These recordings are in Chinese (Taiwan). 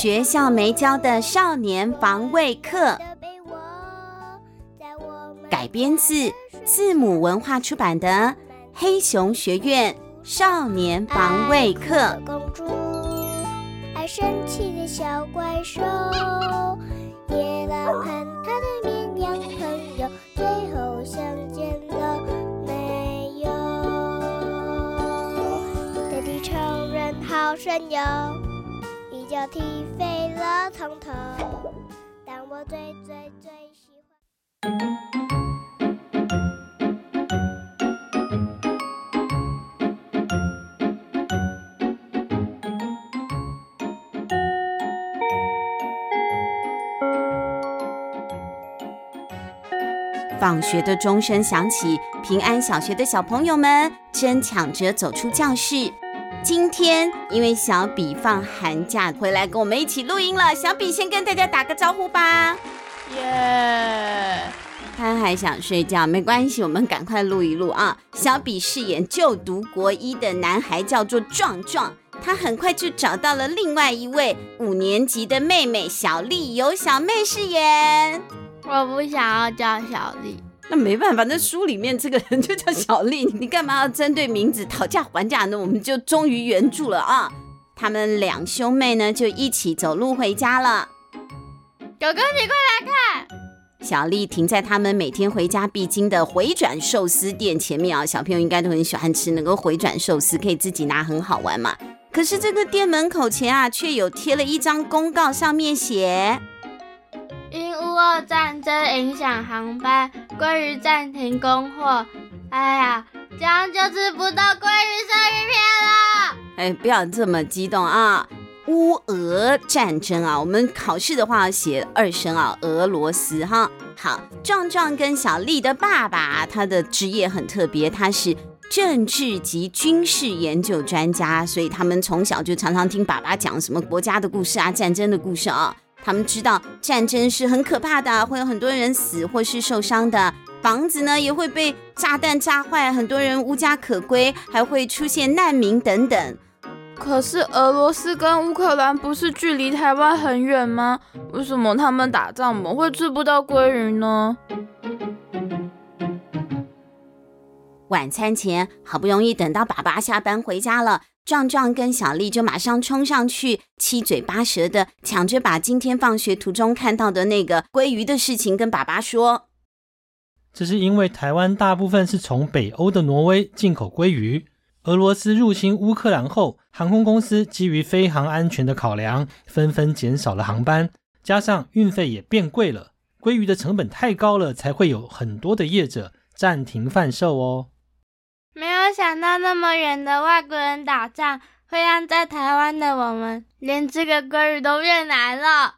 學校沒教的少年防衛課，改編自字畝文化出版的《黑熊學院少年防衛課》。公主愛生氣的小怪獸，野狼和他的綿羊朋友，最後相見了沒有？我的成人好神勇。放學的鐘聲響起，平安小學的小朋友們爭搶着走出教室。今天因為小比放寒假回來跟我們一起錄音了，小比先跟大家打個招呼吧。耶！他還想睡覺，沒關係，我們趕快錄一錄啊。小比飾演就讀國一的男孩叫做壯壯，他很快就找到了另外一位五年級的妹妹小麗，由小妹飾演。我不想要叫小麗。那沒辦法，那書裡面這個人就叫小麗，你幹嘛要針對名字討價還價呢？我們就忠於原著了啊！他們兩兄妹呢就一起走路回家了。狗哥，你快來看！小麗停在他們每天回家必經的回轉壽司店前面啊、哦，小朋友應該都很喜歡吃那個回轉壽司，可以自己拿，很好玩嘛。可是這個店門口前啊，卻有貼了一張公告，上面寫：因烏俄戰爭影響航班。鮭魚暫停供貨，哎呀，這樣就吃不到鮭魚生魚片了。哎、欸，不要這麼激動啊！烏俄戰爭啊，我們考試的話要寫二聲啊，俄羅斯哈。好，壯壯跟小麗的爸爸、啊，他的職業很特別，他是政治及軍事研究專家，所以他們從小就常常聽爸爸講什麼國家的故事啊，戰爭的故事啊。他們知道戰爭是很可怕的，會有很多人死或是受傷的，房子呢也會被炸彈炸壞，很多人無家可歸，還會出現難民等等。可是俄羅斯跟烏克蘭不是距離台灣很遠嗎？為什麼他們打仗怎麼會吃不到鮭魚呢？晚餐前好不容易等到爸爸下班回家了。壯壯跟小麗就馬上衝上去，七嘴八舌的搶着把今天放學途中看到的那個鮭魚的事情跟爸爸說。這是因為台灣大部分是從北歐的挪威進口鮭魚，俄羅斯入侵烏克蘭後，航空公司基於飛航安全的考量，紛紛減少了航班，加上運費也變貴了，鮭魚的成本太高了，才會有很多的業者暫停販售哦。我想到那麼遠的外國人打仗，會讓在台灣的我們連這個鮭魚都越難了。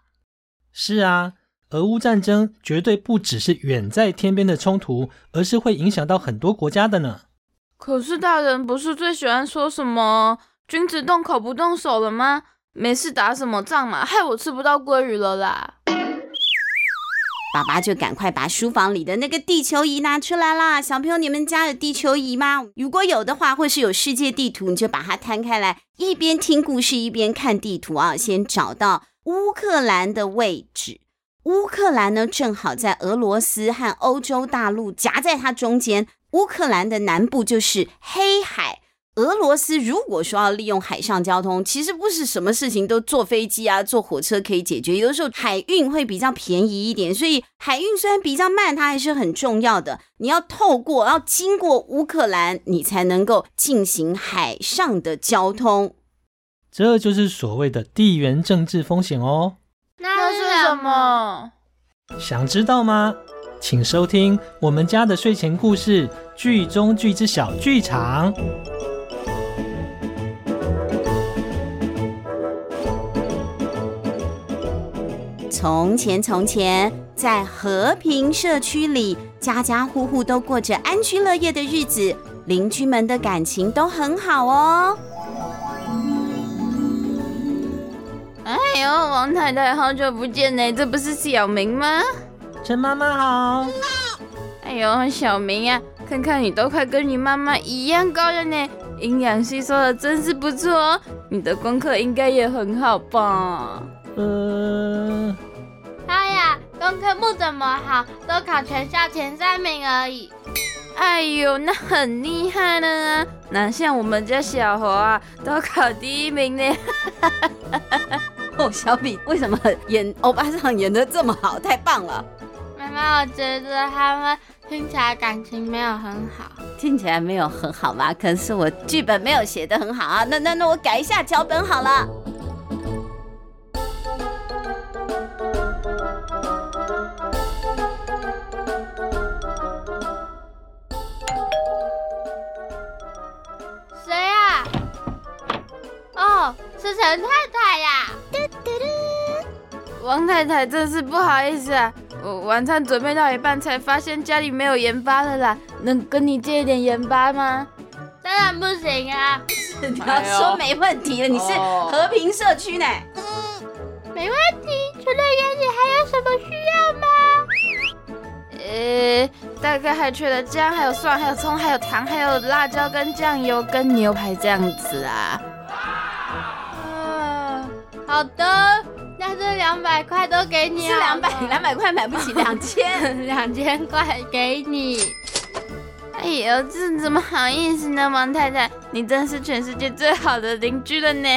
是啊，俄烏戰爭絕對不只是遠在天邊的衝突，而是會影響到很多國家的呢。可是大人不是最喜歡說什麼“君子動口不動手”了嗎？沒事打什麼仗嘛，害我吃不到鮭魚了啦。爸爸就趕快把書房裡的那個地球儀拿出來啦。小朋友，你們家有地球儀嗎？如果有的話，或是有世界地圖，你就把它攤開來，一邊聽故事，一邊看地圖啊。先找到烏克蘭的位置。烏克蘭呢，正好在俄羅斯和歐洲大陸，夾在它中間。烏克蘭的南部就是黑海。俄羅斯如果說要利用海上交通，其實不是什麼事情都坐飛機啊、坐火車可以解決，有的時候海運會比較便宜一點。所以海運雖然比較慢，它還是很重要的。你要透過、要經過烏克蘭，你才能夠進行海上的交通。這就是所謂的地緣政治風險哦。那是什麼？想知道嗎？請收聽我們家的睡前故事《劇中劇之小劇場》。從前，從前，在和平社區裡，家家戶戶都過着安居樂業的日子，鄰居們的感情都很好哦。哎呦，王太太，好久不見呢，這不是小明嗎？陳媽媽好。哎呦，小明呀、啊，看看你都快跟你媽媽一樣高了呢，營養吸收得真是不錯哦。你的功課應該也很好吧？嗯。功課不怎麼好，都考全校前三名而已。哎呦，那很厲害呢！啊！那像我們家小啊，都考第一名呢。 哦，小比為什麼演歐巴桑演得這麼好？太棒了！媽媽，我覺得他們聽起來感情沒有很好，聽起來沒有很好吧？可能是我劇本沒有寫得很好啊。那那那，那我改一下腳本好了。陳太太呀、啊，王太太，真是不好意思啊！我晚餐準備到一半，才發現家裡沒有鹽巴了啦。能跟你借一點鹽巴嗎？當然不行啊！你要說沒問題了，你是和平社區呢、欸嗯，沒問題。陳太太，你還有什麼需要嗎？呃，大概還缺了薑，還有蒜，還有蔥，還有糖，還有辣椒跟醬油跟牛排這樣子啊。好的，那這兩百塊都給你了。是兩百，兩百塊買不起，兩千， 兩千塊給你。哎呦，這怎麼好意思呢，王太太，你真是全世界最好的鄰居了呢。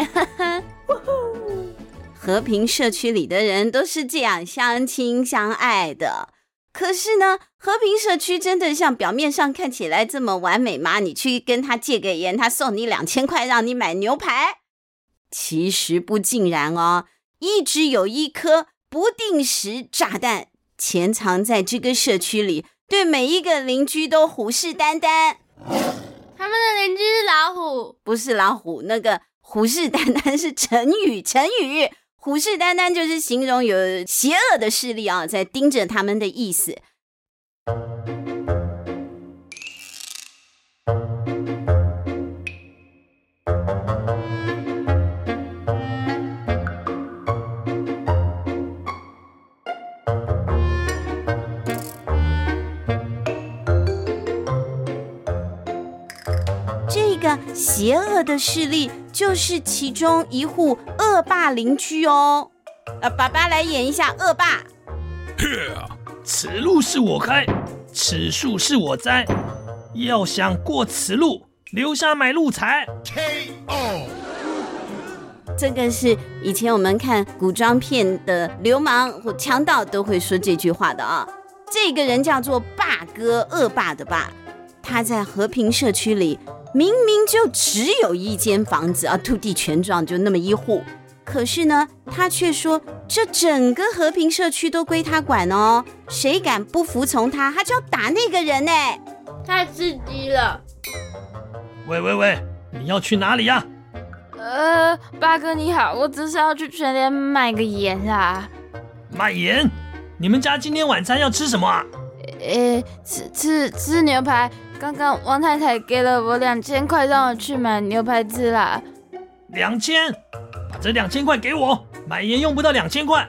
和平社區裡的人都是這樣相親相愛的。可是呢，和平社區真的像表面上看起來這麼完美嗎？你去跟他借個煙，他送你兩千塊，讓你買牛排。其實不盡然哦，一直有一顆不定時炸彈潛藏在這個社區裡，對每一個鄰居都虎視眈眈。他們的鄰居是老虎，不是老虎。那個虎視眈眈是成語，成語虎視眈眈就是形容有邪惡的勢力啊，在盯着他們的意思。邪惡的勢力就是其中一戶惡霸鄰居哦。啊，爸爸來演一下惡霸。Yeah, 此路是我開，此樹是我栽，要想過此路，留下買路財。KO。這個是以前我們看古裝片的流氓或強盜都會說這句話的啊、哦。這個人叫做霸哥，惡霸的霸。他在和平社區裡。明明就只有一間房子啊，土地權狀就那麼一戶，可是呢，他卻說這整個和平社區都歸他管哦，誰敢不服從他，他就要打那個人呢，太刺激了！喂喂喂，你要去哪裡呀，啊？呃，八哥你好，我只是要去全聯買個鹽啊。買鹽？你們家今天晚餐要吃什麼啊？呃，吃吃吃牛排。剛剛王太太給了我兩千塊，讓我去買牛排吃啦。兩千，把這兩千塊給我，買鹽用不到兩千塊。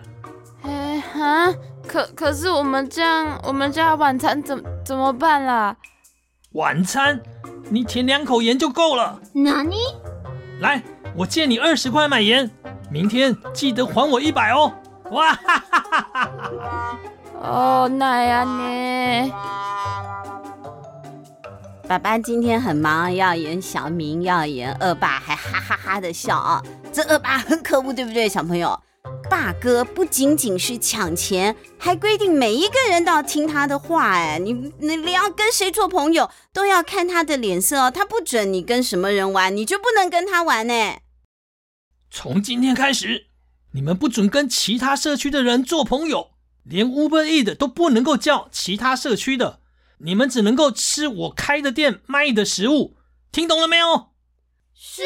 哎哈、啊，可可是我們這樣，我們家晚餐怎麼怎麼辦啦、啊？晚餐，你舔兩口鹽就夠了。那你何，來，我借你二十塊買鹽，明天記得還我一百哦。哇哈哈哈哈哈，哦，奶呀你！爸爸今天很忙，要演小明，要演惡霸，還哈哈哈哈的笑啊哦！這惡霸很可惡，對不對，小朋友？霸哥不僅僅是搶錢，還規定每一個人都要聽他的話。哎，你你你要跟誰做朋友都要看他的臉色哦。他不准你跟什麼人玩，你就不能跟他玩呢。從今天開始，你們不准跟其他社區的人做朋友，連 Uber Eat 都不能夠叫其他社區的。你們只能夠吃我開的店賣的食物，聽懂了沒有？是。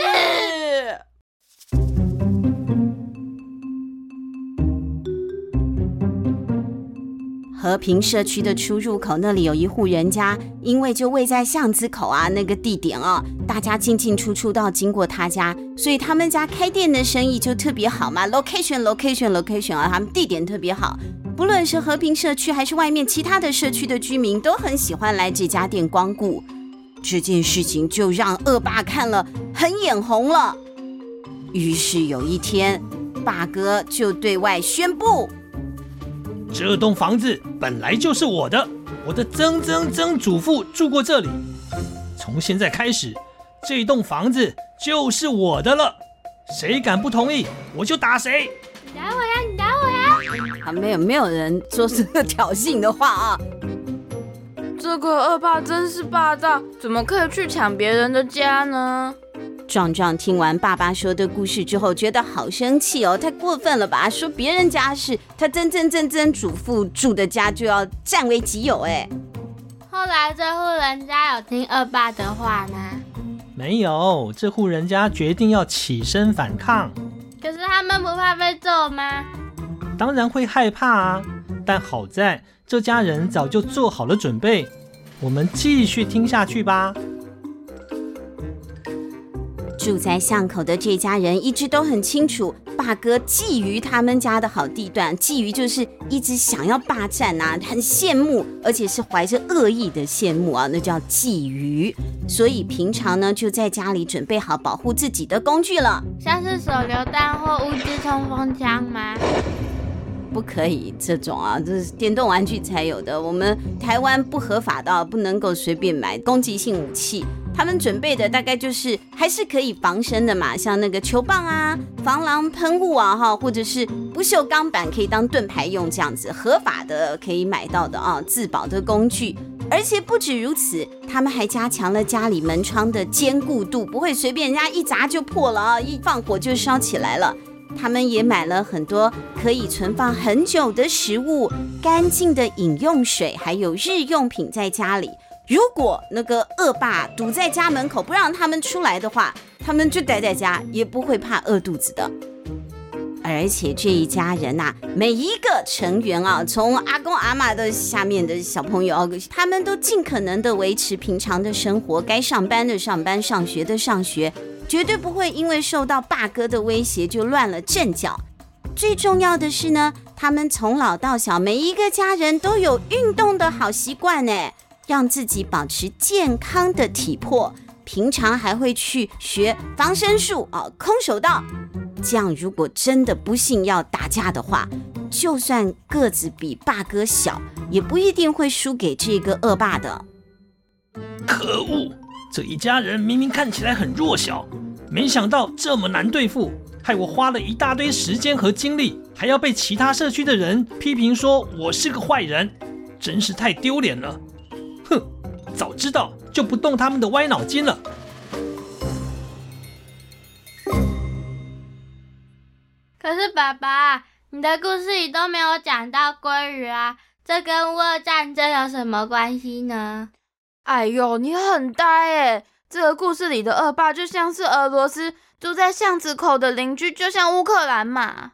和平社區的出入口那裡有一戶人家，因為就位在巷子口啊那個地點哦、啊，大家進進出出都要經過他家，所以他們家開店的生意就特別好嘛。Location，location，location location 啊，他們地點特別好。不論是和平社區還是外面其他的社區的居民，都很喜歡來這家店光顧。這件事情就讓惡霸看了，很眼紅了。於是有一天，霸哥就對外宣布：這棟房子本來就是我的，我的曾曾曾祖父住過這裡。從現在開始，這棟房子就是我的了。誰敢不同意，我就打誰。啊，沒有沒有人說這個挑釁的話啊！這個惡霸真是霸道，怎麼可以去搶別人的家呢？壯壯聽完爸爸說的故事之後，覺得好生氣哦，太過分了吧！說別人家是他真真正正祖父住的家就要佔為己有，哎。後來這戶人家有聽惡霸的話嗎？沒有，這戶人家決定要起身反抗。可是他們不怕被揍嗎？當然會害怕啊！但好在這家人早就做好了準備。我們繼續聽下去吧。住在巷口的這家人一直都很清楚，霸哥覬覦他們家的好地段，覬覦就是一直想要霸占啊，很羨慕，而且是懷着惡意的羨慕啊，那叫覬覦。所以平常呢，就在家裡準備好保護自己的工具了，像是手榴彈或烏茲衝鋒槍嗎？不可以，這種啊，這、就是電動玩具才有的。我們台灣不合法的，不能夠隨便買攻擊性武器。他們準備的大概就是還是可以防身的嘛，像那個球棒啊、防狼噴霧啊，哈，或者是不鏽鋼板可以當盾牌用，這樣子合法的可以買到的啊，自保的工具。而且不止如此，他們還加強了家裡門窗的堅固度，不會隨便人家一砸就破了啊，一放火就燒起來了。他們也買了很多可以存放很久的食物、乾淨的飲用水，還有日用品在家裡。如果那個惡霸堵在家門口不讓他們出來的話，他們就待在家，也不會怕餓肚子的。而且這一家人吶、啊，每一個成員啊，從阿公阿媽的下面的小朋友，他們都盡可能的維持平常的生活，該上班的上班，上學的上學。絕對不會因為受到霸哥的威脅就亂了陣腳。最重要的是呢，他們從老到小，每一個家人都有運動的好習慣，哎，讓自己保持健康的體魄。平常還會去學防身術哦、啊，空手道。這樣，如果真的不幸要打架的話，就算個子比霸哥小，也不一定會輸給這個惡霸的。可惡！這一家人明明看起來很弱小，沒想到這麼難對付，害我花了一大堆時間和精力，還要被其他社區的人批評說我是個壞人，真是太丟臉了！哼，早知道就不動他們的歪腦筋了。可是爸爸，你的故事裡都沒有講到鮭魚啊，這跟俄烏戰爭有什麼關係呢？哎呦，你很呆耶！這個故事裡的惡霸就像是俄羅斯，住在巷子口的鄰居，就像烏克蘭嘛。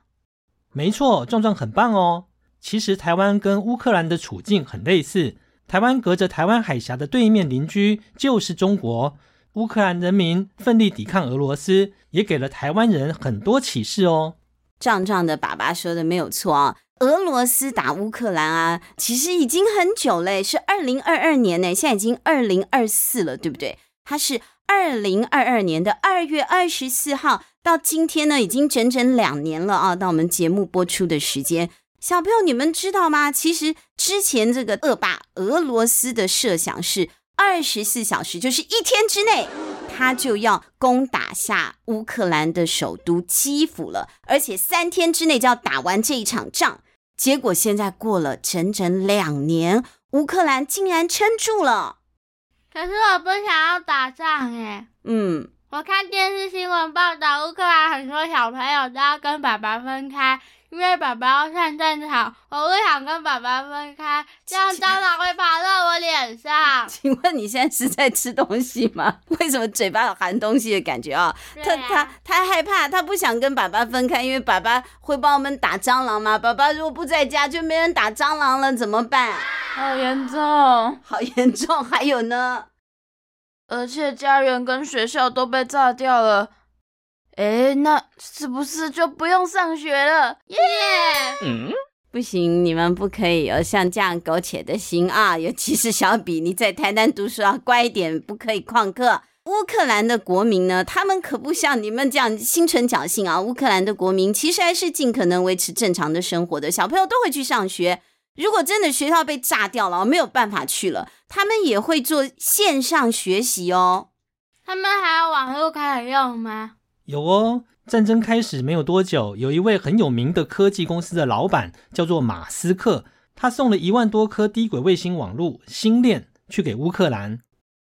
沒錯，壯壯很棒哦。其實台灣跟烏克蘭的處境很類似，台灣隔着台灣海峽的對面鄰居就是中國。烏克蘭人民奮力抵抗俄羅斯，也給了台灣人很多啟示哦。壯壯的爸爸說的沒有錯啊，俄羅斯打烏克蘭啊，其實已經很久嘞，是二零二二年呢，現在已經二零二四年了，對不對？它是二零二二年的二月二十四號到今天呢，已經整整兩年了啊。到我們節目播出的時間，小朋友你們知道嗎？其實之前這個惡霸俄羅斯的設想是二十四小時，就是一天之內。他就要攻打下烏克蘭的首都基輔了，而且三天之內就要打完這一場仗。結果現在過了整整兩年，烏克蘭竟然撐住了。可是我不想要打仗誒。嗯，我看電視新聞報道，烏克蘭很多小朋友都要跟爸爸分開。因為爸爸要上戰場，我不想跟爸爸分開，這樣蟑螂會爬到我臉上。請問你現在是在吃東西嗎？為什麼嘴巴有含東西的感覺啊？他他他害怕，他不想跟爸爸分開，因為爸爸會幫我們打蟑螂嘛？爸爸如果不在家，就沒人打蟑螂了，怎麼辦？好嚴重，好嚴重！還有呢，而且家園跟學校都被炸掉了。哎，那是不是就不用上學了？耶、yeah!！嗯，不行，你們不可以有、哦、像這樣苟且的心啊！尤其是小比，你在台南讀書啊，乖一點，不可以曠課。烏克蘭的國民呢，他們可不像你們這樣心存僥倖啊！烏克蘭的國民其實還是盡可能維持正常的生活的，小朋友都會去上學。如果真的學校被炸掉了，我沒有辦法去了，他們也會做線上學習哦。他們還要網路開用嗎？有哦，戰爭開始沒有多久，有一位很有名的科技公司的老闆叫做馬斯克，他送了一萬多顆低軌衛星網絡星鏈去給烏克蘭。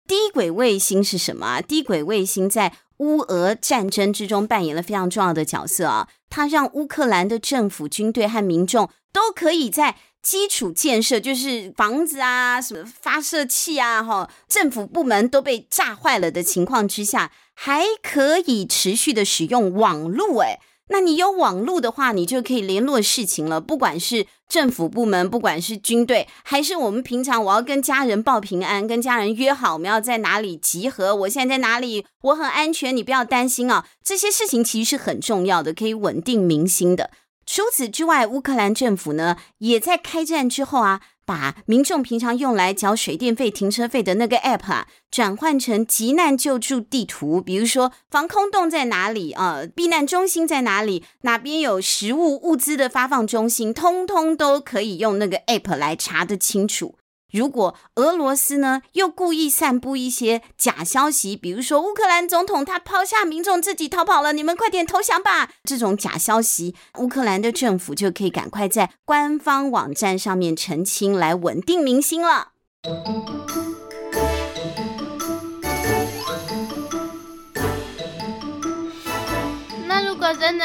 低軌衛星是什麼啊？低軌衛星在烏俄戰爭之中扮演了非常重要的角色啊！它讓烏克蘭的政府、軍隊和民眾。都可以在基礎建設，就是房子啊、什麼發射器啊、哈、哦，政府部門都被炸壞了的情況之下，還可以持續的使用網絡、哎。誒。那你有網絡的話，你就可以聯絡事情了。不管是政府部門，不管是軍隊，還是我們平常，我要跟家人報平安，跟家人約好我們要在哪裡集合，我現在在哪裡，我很安全，你不要擔心啊、哦。這些事情其實是很重要的，可以穩定民心的。除此之外，烏克蘭政府呢也在開戰之後啊，把民眾平常用來繳水電費、停車費的那個 APP 啊，轉換成急難救助地圖。比如說，防空洞在哪裡啊，呃、避難中心在哪裡？哪邊有食物物資的發放中心？通通都可以用那個 APP 來查得清楚。如果俄羅斯呢又故意散布一些假消息，比如說烏克蘭總統他拋下民眾自己逃跑了，你們快點投降吧！這種假消息，烏克蘭的政府就可以趕快在官方網站上面澄清，來穩定民心了。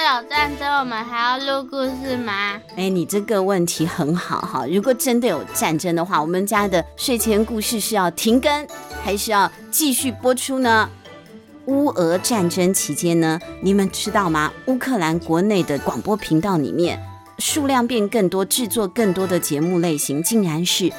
有戰爭，我們還要錄故事嗎？哎、欸，你這個問題很好哈。如果真的有戰爭的話，我們家的睡前故事是要停更，還是要繼續播出呢？烏俄戰爭期間呢，你們知道嗎？烏克蘭國內的廣播頻道裡面，數量變更多，制作更多的節目類型，竟然是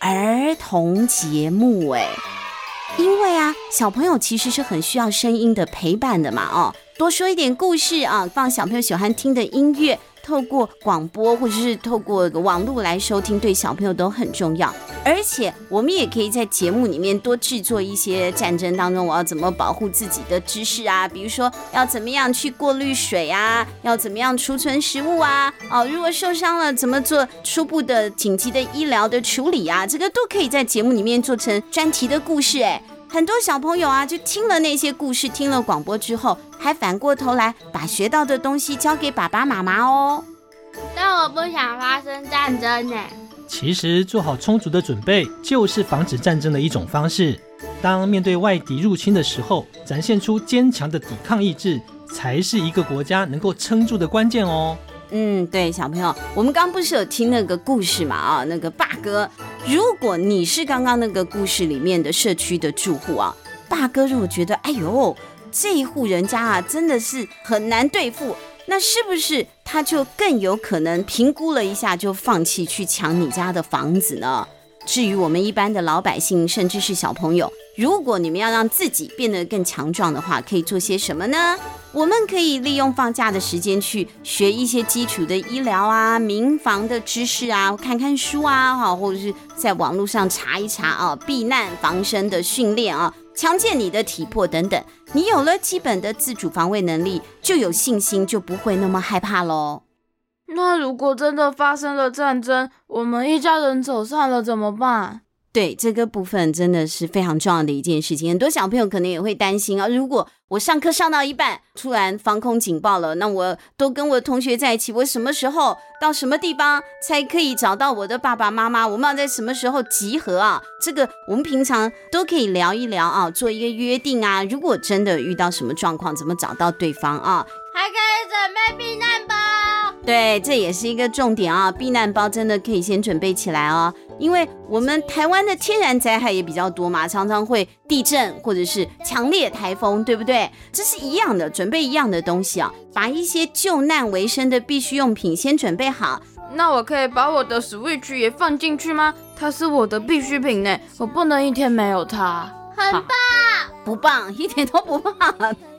兒童節目哎、欸。因為啊，小朋友其實是很需要聲音的陪伴的嘛哦。多說一點故事啊，放小朋友喜歡聽的音樂，透過廣播或者是透過網絡來收聽，對小朋友都很重要。而且我們也可以在節目裡面多製作一些戰爭當中我要怎麼保護自己的知識啊，比如說要怎麼樣去過濾水啊，要怎麼樣儲存食物啊，哦，如果受傷了怎麼做初步的緊急的醫療的處理啊，這個都可以在節目裡面做成專題的故事，欸，哎。很多小朋友啊，就聽了那些故事，聽了廣播之後，還反過頭來把學到的東西交給爸爸媽媽哦。但我不想發生戰爭呢？其實，做好充足的準備就是防止戰爭的一種方式。當面對外敵入侵的時候，展現出堅強的抵抗意志，才是一個國家能夠撐住的關鍵哦。嗯，對，小朋友，我們剛不是有聽那個故事嘛？啊，那個霸哥，如果你是剛剛那個故事裡面的社區的住戶啊，霸哥如果覺得，哎呦，這一戶人家啊，真的是很難對付，那是不是他就更有可能評估了一下就放棄去搶你家的房子呢？至於我們一般的老百姓，甚至是小朋友，如果你們要讓自己變得更強壯的話，可以做些什麼呢？我們可以利用放假的時間去學一些基礎的醫療啊、民防的知識啊，看看書啊，哈，或者是在網絡上查一查啊，避難防身的訓練啊，強健你的體魄等等。你有了基本的自主防衛能力，就有信心，就不會那麼害怕嘍。那如果真的發生了戰爭，我們一家人走散了怎麼辦？對，這個部分真的是非常重要的一件事情，很多小朋友可能也會擔心啊。如果我上課上到一半，突然防空警報了，那我都跟我同學在一起，我什麼時候到什麼地方才可以找到我的爸爸媽媽？我們要在什麼時候集合啊？這個我們平常都可以聊一聊啊，做一個約定啊。如果真的遇到什麼狀況，怎麼找到對方啊？還可以準備避難包。對，這也是一個重點啊！避難包真的可以先準備起來哦，因為我們台灣的天然災害也比較多嘛，常常會地震或者是強烈台風，對不對？這是一樣的，準備一樣的東西啊，把一些救難維生的必需用品先準備好。那我可以把我的 switch 也放進去嗎？它是我的必需品呢，我不能一天沒有它。很棒，不棒，一點都不棒。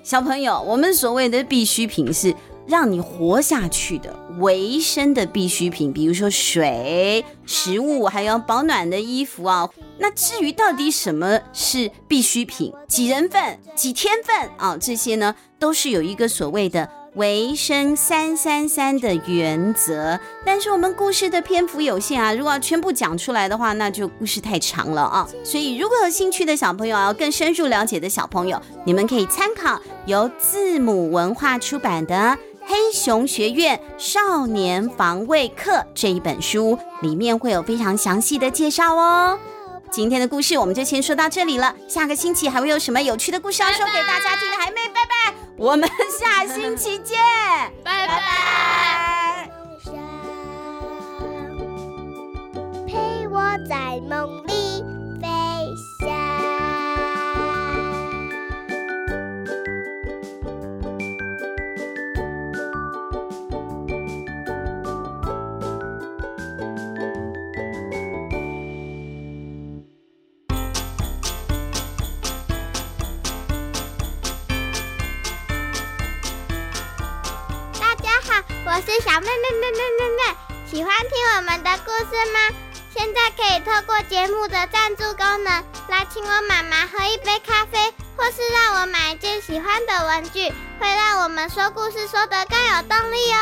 小朋友，我們所謂的必需品是，讓你活下去的維生的必需品，比如說水、食物，還有保暖的衣服啊。那至於到底什麼是必需品，幾人份、幾天份啊、哦，這些呢都是有一個所謂的維生三三三的原則。但是我們故事的篇幅有限啊，如果要全部講出來的話，那就故事太長了啊。所以如果有興趣的小朋友啊，更深入了解的小朋友，你們可以參考由字畝文化出版的。《黑熊學院少年防衛課》這一本書裡面會有非常詳細的介紹哦。今天的故事我們就先說到這裡了，下個星期還會有什麼有趣的故事要、啊、拜說給大家聽的，還沒？拜拜，我們下星期見，拜拜。陪我在夢。的故事嗎？現在可以透過節目的贊助功能，來請我媽媽喝一杯咖啡，或是讓我買一件喜歡的文具，會讓我們說故事說得更有動力哦。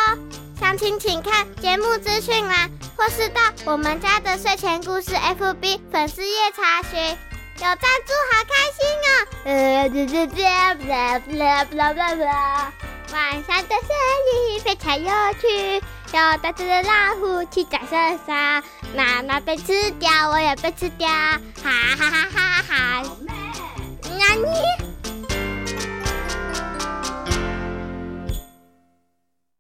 詳情，請看節目資訊欄，啊，或是到我們家的睡前故事 FB 粉絲頁查詢。有贊助，好開心哦！ 晚上的森林非常有趣，有大只的老虎、七彩色的鯊，媽媽被吃掉，我也被吃掉，哈哈哈哈！哈美，那你？